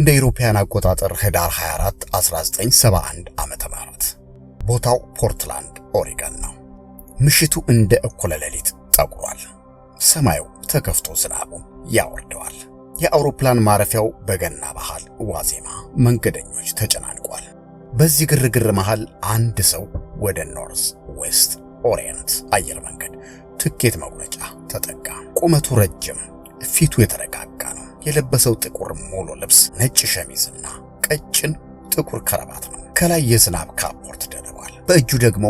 እንደ ኢሮፓያን አቆጣጠር ህዳር 24 1971 ዓመተ ምህረት ቦታው ፖርትላንድ ኦሪገን ነው። ምሽቱ እንደ እኩለ ሌሊት ጠቁሯል። ሰማዩ ተከፍቶ ዝናቡ ያወርደዋል። የአውሮፕላን ማረፊያው በገና ባህል ዋዜማ መንገደኞች ተጨናንቋል። በዚህ ግርግር መሃል አንድ ሰው ወደ ኖርዝ ዌስት ኦሪየንት አየር መንገድ ትኬት መቁረጫ ተጠጋ። ቁመቱ ረጅም፣ ፊቱ የተረጋጋ የለበሰው ጥቁር ሙሉ ልብስ፣ ነጭ ሸሚዝና ቀጭን ጥቁር ከረባት ነው። ከላይ የዝናብ ካፖርት ደርቧል። በእጁ ደግሞ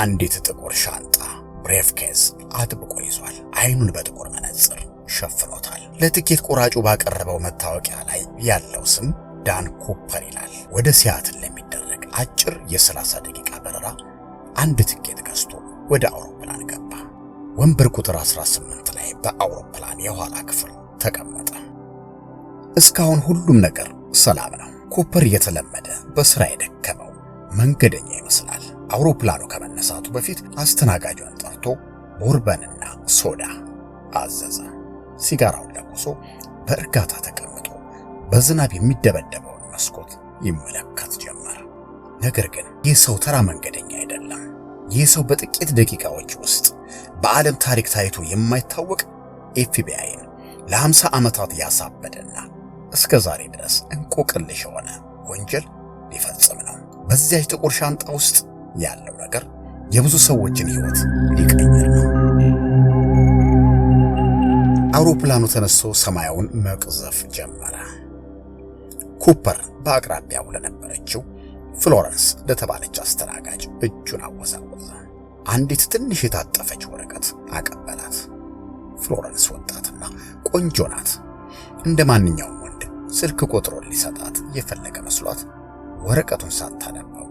አንዲት ጥቁር ሻንጣ ብሬፍኬዝ አጥብቆ ይዟል። አይኑን በጥቁር መነጽር ሸፍኖታል። ለትኬት ቆራጩ ባቀረበው መታወቂያ ላይ ያለው ስም ዳን ኩፐር ይላል። ወደ ሲያትል ለሚደረግ አጭር የ30 ደቂቃ በረራ አንድ ትኬት ገዝቶ ወደ አውሮፕላን ገባ። ወንበር ቁጥር 18 ላይ በአውሮፕላን የኋላ ክፍል ተቀመጠ። እስካሁን ሁሉም ነገር ሰላም ነው። ኮፐር የተለመደ በስራ የደከመው መንገደኛ ይመስላል። አውሮፕላኑ ከመነሳቱ በፊት አስተናጋጇን ጠርቶ ቦርበንና ሶዳ አዘዘ። ሲጋራውን ለኩሶ በእርጋታ ተቀምጦ በዝናብ የሚደበደበውን መስኮት ይመለከት ጀመር። ነገር ግን ይህ ሰው ተራ መንገደኛ አይደለም። ይህ ሰው በጥቂት ደቂቃዎች ውስጥ በዓለም ታሪክ ታይቶ የማይታወቅ ኤፍቢአይን ለ50 ዓመታት ያሳበደና እስከ ዛሬ ድረስ እንቆቅልሽ የሆነ ወንጀል ሊፈጽም ነው። በዚያች ጥቁር ሻንጣ ውስጥ ያለው ነገር የብዙ ሰዎችን ሕይወት ሊቀይር ነው። አውሮፕላኑ ተነስቶ ሰማያውን መቅዘፍ ጀመረ። ኩፐር በአቅራቢያው ለነበረችው ፍሎረንስ ለተባለች አስተናጋጅ እጁን አወዛወዘ። አንዲት ትንሽ የታጠፈች ወረቀት አቀበላት። ፍሎረንስ ወጣትና ቆንጆ ናት። እንደ ማንኛውም ስልክ ቁጥሩን ሊሰጣት የፈለገ መስሏት ወረቀቱን ሳታነበው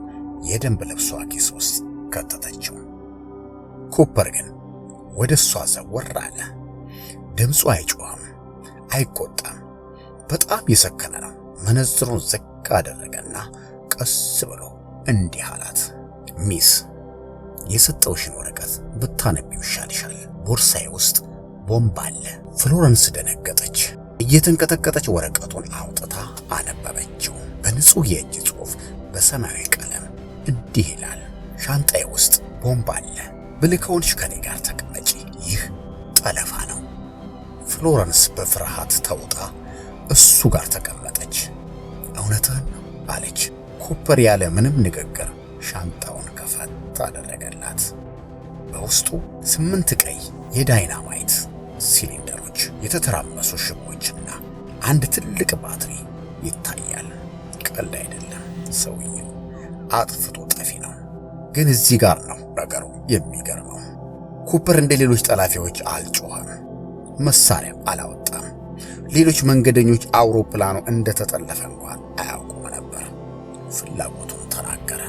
የደንብ ልብሷ ኪስ ውስጥ ከተተችው። ኩፐር ግን ወደ እሷ ዘወር አለ። ድምፁ አይጮህም፣ አይቆጣም። በጣም የሰከነ ነው። መነጽሩን ዝቅ አደረገና ቀስ ብሎ እንዲህ አላት። ሚስ የሰጠውሽን ወረቀት ብታነቢው ይሻልሻል። ቦርሳዬ ውስጥ ቦምብ አለ። ፍሎረንስ ደነገጠች። እየተንቀጠቀጠች ወረቀቱን አውጥታ አነበበችው። በንጹህ የእጅ ጽሑፍ በሰማያዊ ቀለም እንዲህ ይላል፣ ሻንጣዬ ውስጥ ቦምብ አለ። ብልከውንሽ ከኔ ጋር ተቀመጪ። ይህ ጠለፋ ነው። ፍሎረንስ በፍርሃት ተውጣ እሱ ጋር ተቀመጠች። እውነትህን አለች። ኮፐር ያለ ምንም ንግግር ሻንጣውን ከፈት አደረገላት። በውስጡ ስምንት ቀይ የዳይናማይት ሲሊንደሮች፣ የተተራመሱ ሽቦ አንድ ትልቅ ባትሪ ይታያል። ቀልድ አይደለም። ሰውየው አጥፍቶ ጠፊ ነው። ግን እዚህ ጋር ነው ነገሩ የሚገርመው። ኩፐር እንደ ሌሎች ጠላፊዎች አልጮኸም፣ መሳሪያም አላወጣም። ሌሎች መንገደኞች አውሮፕላኑ እንደተጠለፈ እንኳን አያውቁም ነበር። ፍላጎቱን ተናገረ።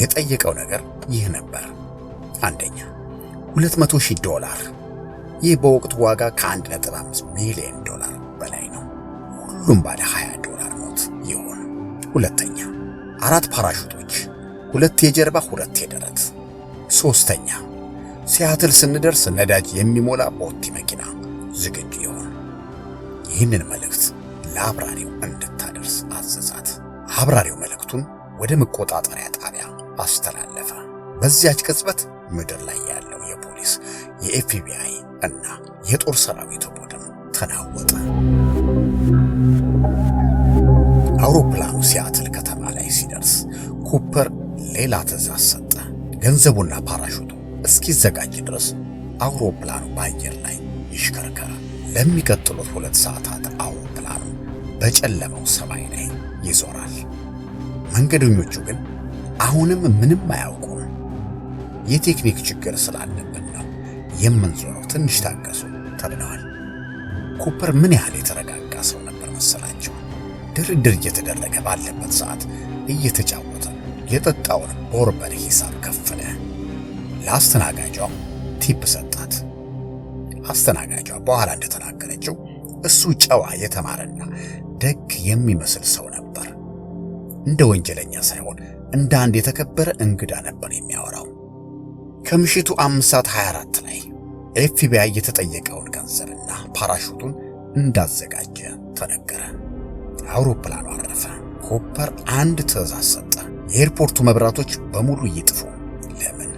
የጠየቀው ነገር ይህ ነበር። አንደኛ 200 ሺህ ዶላር። ይህ በወቅቱ ዋጋ ከ1.5 ሚሊዮን ዶላር ሁሉም ባለ 20 ዶላር ኖት ይሁን። ሁለተኛ አራት ፓራሹቶች፣ ሁለት የጀርባ ሁለት የደረት። ሶስተኛ ሲያትል ስንደርስ ነዳጅ የሚሞላ ቦቲ መኪና ዝግጁ ይሁን። ይህንን መልእክት ለአብራሪው እንድታደርስ አዘዛት። አብራሪው መልእክቱን ወደ መቆጣጠሪያ ጣቢያ አስተላለፈ። በዚያች ቅጽበት ምድር ላይ ያለው የፖሊስ የኤፍቢአይ እና የጦር ሰራዊት ቡድን ተናወጠ። አውሮፕላኑ ሲያትል ከተማ ላይ ሲደርስ ኩፐር ሌላ ትዕዛዝ ሰጠ። ገንዘቡና ፓራሹቱ እስኪዘጋጅ ድረስ አውሮፕላኑ በአየር ላይ ይሽከርከረ። ለሚቀጥሉት ሁለት ሰዓታት አውሮፕላኑ በጨለመው ሰማይ ላይ ይዞራል። መንገደኞቹ ግን አሁንም ምንም አያውቁም። የቴክኒክ ችግር ስላለብን ነው የምንዞረው፣ ትንሽ ታገሱ ተብለዋል። ኩፐር ምን ያህል የተረጋጋ ሰው ነበር መሰላል ድርድር እየተደረገ ባለበት ሰዓት እየተጫወተ የጠጣውን ቦርበር ሂሳብ ከፈለ። ለአስተናጋጇ ቲፕ ሰጣት። አስተናጋጇ በኋላ እንደተናገረችው እሱ ጨዋ የተማረና ደግ የሚመስል ሰው ነበር። እንደ ወንጀለኛ ሳይሆን እንደ አንድ የተከበረ እንግዳ ነበር የሚያወራው። ከምሽቱ 5 ሰዓት 24 ላይ ኤፍቢአይ የተጠየቀውን ገንዘብና ፓራሹቱን እንዳዘጋጀ ተነገረ። አውሮፕላኑ አረፈ። ኮፐር አንድ ትዕዛዝ ሰጠ። የኤርፖርቱ መብራቶች በሙሉ ይጥፉ። ለምን?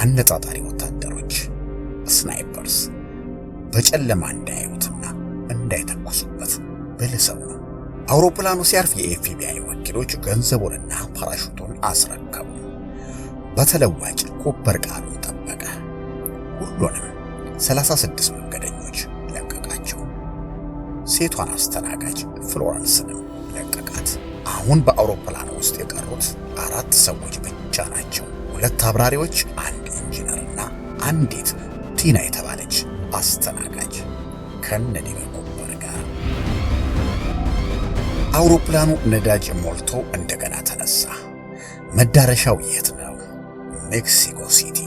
አነጣጣሪ ወታደሮች ስናይፐርስ በጨለማ እንዳያዩትና እንዳይተኩሱበት ብልሰው ነው። አውሮፕላኑ ሲያርፍ የኤፍቢአይ ወኪሎች ገንዘቡንና ፓራሹቱን አስረከቡ። በተለዋጭ ኮበር ቃሉን ጠበቀ። ሁሉንም 36 መንገደኞች ሴቷን አስተናጋጅ ፍሎረንስንም ለቀቃት። አሁን በአውሮፕላን ውስጥ የቀሩት አራት ሰዎች ብቻ ናቸው። ሁለት አብራሪዎች፣ አንድ ኢንጂነርና አንዲት ቲና የተባለች አስተናጋጅ ከነ ዲበርጎበር ጋር። አውሮፕላኑ ነዳጅ ሞልቶ እንደገና ተነሳ። መዳረሻው የት ነው? ሜክሲኮ ሲቲ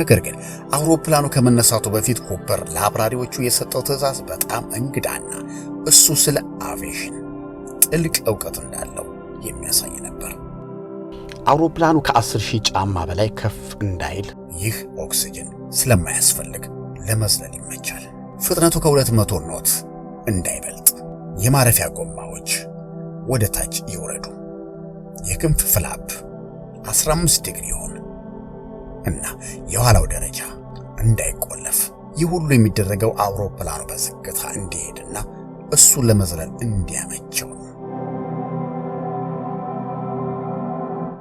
ነገር ግን አውሮፕላኑ ከመነሳቱ በፊት ኩፐር ለአብራሪዎቹ የሰጠው ትዕዛዝ በጣም እንግዳና እሱ ስለ አቬሽን ጥልቅ እውቀት እንዳለው የሚያሳይ ነበር። አውሮፕላኑ 10 ሺህ ጫማ በላይ ከፍ እንዳይል ይህ ኦክስጅን ስለማያስፈልግ ለመዝለል ይመቻል። ፍጥነቱ ከሁለት መቶ ኖት እንዳይበልጥ የማረፊያ ጎማዎች ወደ ታች ይውረዱ። የክንፍ ፍላፕ 15 ዲግሪ ይሆን። እና የኋላው ደረጃ እንዳይቆለፍ ይህ ሁሉ የሚደረገው አውሮፕላኑ በዝግታ እንዲሄድና እሱ ለመዝለል እንዲያመቸው ነው።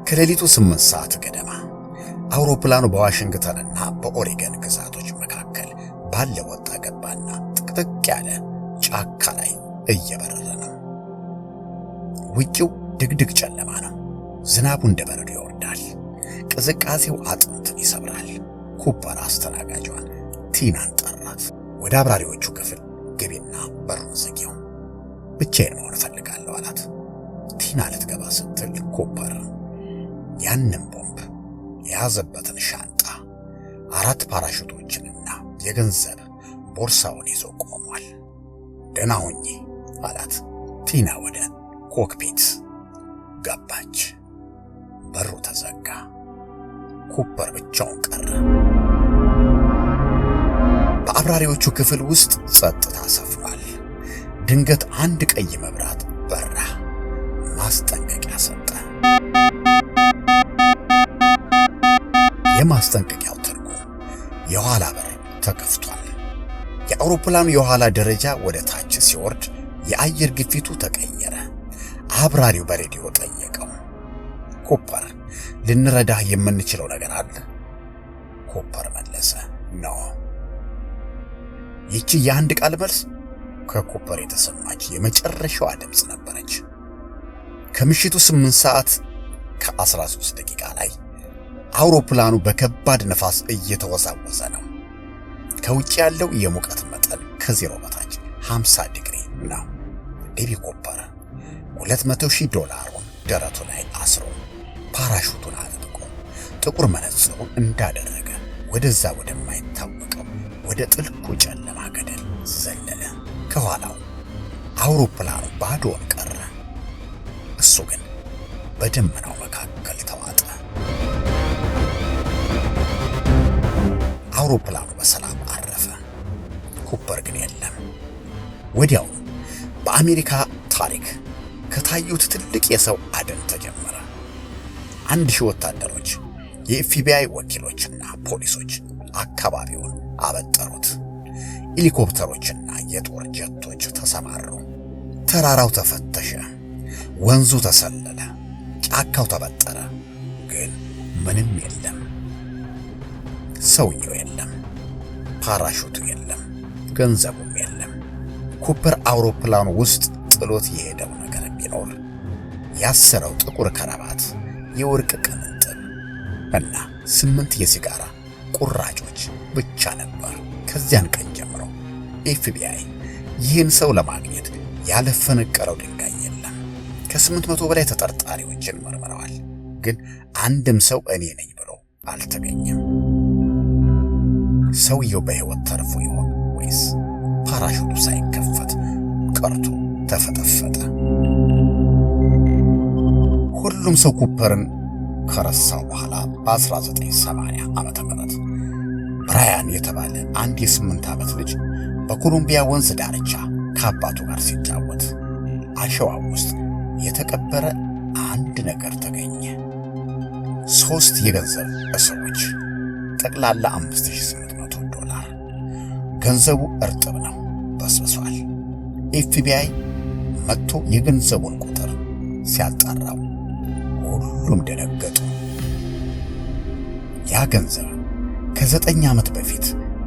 ከሌሊቱ ስምንት ሰዓት ገደማ አውሮፕላኑ በዋሽንግተንና በኦሪገን ግዛቶች መካከል ባለ ወጣ ገባና ጥቅጥቅ ያለ ጫካ ላይ እየበረረ ነው። ውጪው ድቅድቅ ጨለማ ነው። ዝናቡ እንደ በረዶ ይወርዳል። ቅዝቃዜው አጥንት ይሰብራል። ኩፐር አስተናጋጇን ቲናን ጠራት። ወደ አብራሪዎቹ ክፍል ግቢና በሩን ዘጊው፣ ብቻዬን መሆን እፈልጋለሁ አላት። ቲና ልትገባ ስትል ኩፐር ያንን ቦምብ የያዘበትን ሻንጣ አራት ፓራሹቶችንና የገንዘብ ቦርሳውን ይዞ ቆሟል። ደህና ሁኚ አላት። ቲና ወደ ኮክፒት ገባች። በሩ ተዘጋ። ኩፐር ብቻውን ቀረ። በአብራሪዎቹ ክፍል ውስጥ ጸጥታ ሰፍኗል። ድንገት አንድ ቀይ መብራት በራ፣ ማስጠንቀቂያ ሰጠ። የማስጠንቀቂያው ትርጉም የኋላ በር ተከፍቷል። የአውሮፕላኑ የኋላ ደረጃ ወደ ታች ሲወርድ የአየር ግፊቱ ተቀየረ። አብራሪው በሬዲዮ ጠየቀው ኩፐር ልንረዳህ የምንችለው ነገር አለ? ኮፐር መለሰ። ኖ። ይቺ የአንድ ቃል መልስ ከኮፐር የተሰማች የመጨረሻዋ ድምፅ ነበረች። ከምሽቱ 8 ሰዓት ከ13 ደቂቃ ላይ አውሮፕላኑ በከባድ ነፋስ እየተወዛወዘ ነው። ከውጭ ያለው የሙቀት መጠን ከዜሮ በታች 50 ዲግሪ ነው። ዴቪ ኮፐር 200 ሺህ ዶላሩን ደረቱ ላይ አስሮ ፓራሹቱን አጥብቆ ጥቁር መነጽሩን እንዳደረገ ወደዛ ወደማይታወቀው ወደ ጥልቁ ጨለማ ገደል ዘለለ። ከኋላው አውሮፕላኑ ባዶውን ቀረ። እሱ ግን በደመናው መካከል ተዋጠ። አውሮፕላኑ በሰላም አረፈ። ኩፐር ግን የለም። ወዲያውም በአሜሪካ ታሪክ ከታዩት ትልቅ የሰው አደን ተጀመረ። አንድ ሺህ ወታደሮች፣ የኤፍቢአይ ወኪሎችና ፖሊሶች አካባቢውን አበጠሩት። ሄሊኮፕተሮችና የጦር ጀቶች ተሰማሩ። ተራራው ተፈተሸ፣ ወንዙ ተሰለለ፣ ጫካው ተበጠረ። ግን ምንም የለም። ሰውየው የለም፣ ፓራሹቱ የለም፣ ገንዘቡም የለም። ኩፐር አውሮፕላኑ ውስጥ ጥሎት የሄደው ነገር ቢኖር ያሰረው ጥቁር ከረባት የወርቅ ቅንጥብ እና ስምንት የሲጋራ ቁራጮች ብቻ ነበር። ከዚያን ቀን ጀምሮ ኤፍቢአይ ይህን ሰው ለማግኘት ያለፈነቀረው ድንጋይ የለም። ከስምንት መቶ በላይ ተጠርጣሪዎችን መርምረዋል፣ ግን አንድም ሰው እኔ ነኝ ብሎ አልተገኘም። ሰውየው በሕይወት ተርፎ ይሆን ወይስ ፓራሹቱ ሳይከፈት ቀርቶ ተፈጠፈጠ? ሁሉም ሰው ኩፐርን ከረሳው በኋላ በ1980 ዓመተ ምህረት ብራያን የተባለ አንድ የስምንት ዓመት ልጅ በኮሎምቢያ ወንዝ ዳርቻ ከአባቱ ጋር ሲጫወት አሸዋ ውስጥ የተቀበረ አንድ ነገር ተገኘ። ሦስት የገንዘብ እሰዎች ጠቅላላ 5800 ዶላር። ገንዘቡ እርጥብ ነው፣ በስብሷል። ኤፍቢአይ መጥቶ የገንዘቡን ቁጥር ሲያጣራው ሁሉም ደነገጡ። ያ ገንዘብ ከዘጠኝ ዓመት በፊት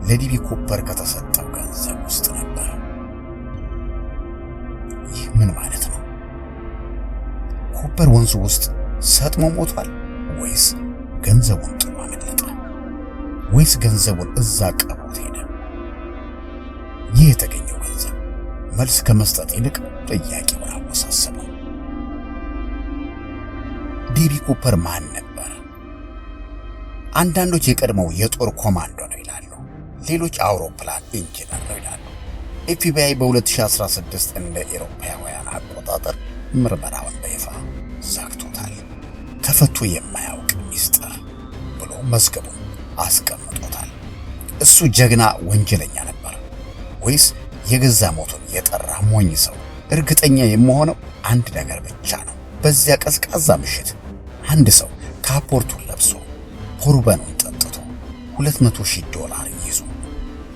ለዲቢ ኩፐር ከተሰጠው ገንዘብ ውስጥ ነበር። ይህ ምን ማለት ነው? ኩፐር ወንዙ ውስጥ ሰጥሞ ሞቷል ወይስ ገንዘቡን ጥሎ አመለጠ? ወይስ ገንዘቡን እዛ ቀብሮት ሄደ? ይህ የተገኘው ገንዘብ መልስ ከመስጠት ይልቅ ጥያቄውን አወሳሰበው። ዲቢ ኩፐር ማን ነበር? አንዳንዶች የቀድሞው የጦር ኮማንዶ ነው ይላሉ፣ ሌሎች አውሮፕላን ኢንጂነር ነው ይላሉ። ኤፍቢአይ በ2016 እንደ ኤሮፓውያን አቆጣጠር ምርመራውን በይፋ ዘግቶታል። ተፈቶ የማያውቅ ሚስጥር ብሎ መዝገቡን አስቀምጦታል። እሱ ጀግና ወንጀለኛ ነበር ወይስ የገዛ ሞቱን የጠራ ሞኝ ሰው? እርግጠኛ የምሆነው አንድ ነገር ብቻ ነው። በዚያ ቀዝቃዛ ምሽት አንድ ሰው ካፖርቱን ለብሶ ፖርበኑን ጠጥቶ 200 ሺህ ዶላር ይዞ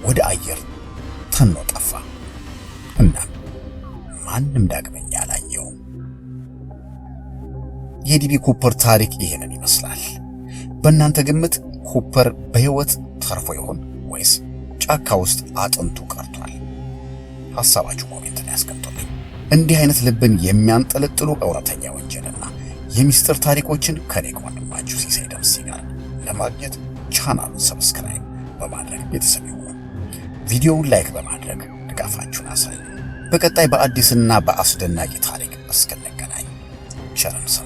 ወደ አየር ተኖ ጠፋ እና ማንም ዳግመኛ አላየውም። የዲቢ ኩፐር ታሪክ ይሄንን ይመስላል። በእናንተ ግምት ኩፐር በሕይወት ተርፎ ይሆን ወይስ ጫካ ውስጥ አጥንቱ ቀርቷል? ሐሳባችሁ ኮሜንት ላይ አስቀምጡልኝ። እንዲህ አይነት ልብን የሚያንጠለጥሉ እውነተኛዎች የሚስጥር ታሪኮችን ከኔ ከወንድማችሁ ሲሳይ ደምሴ ጋር ለማግኘት ቻናሉን ሰብስክራይብ በማድረግ ቤተሰብ ይሁኑ። ቪዲዮውን ላይክ በማድረግ ድጋፋችሁን አሳዩ። በቀጣይ በአዲስና በአስደናቂ ታሪክ እስክንገናኝ ሰ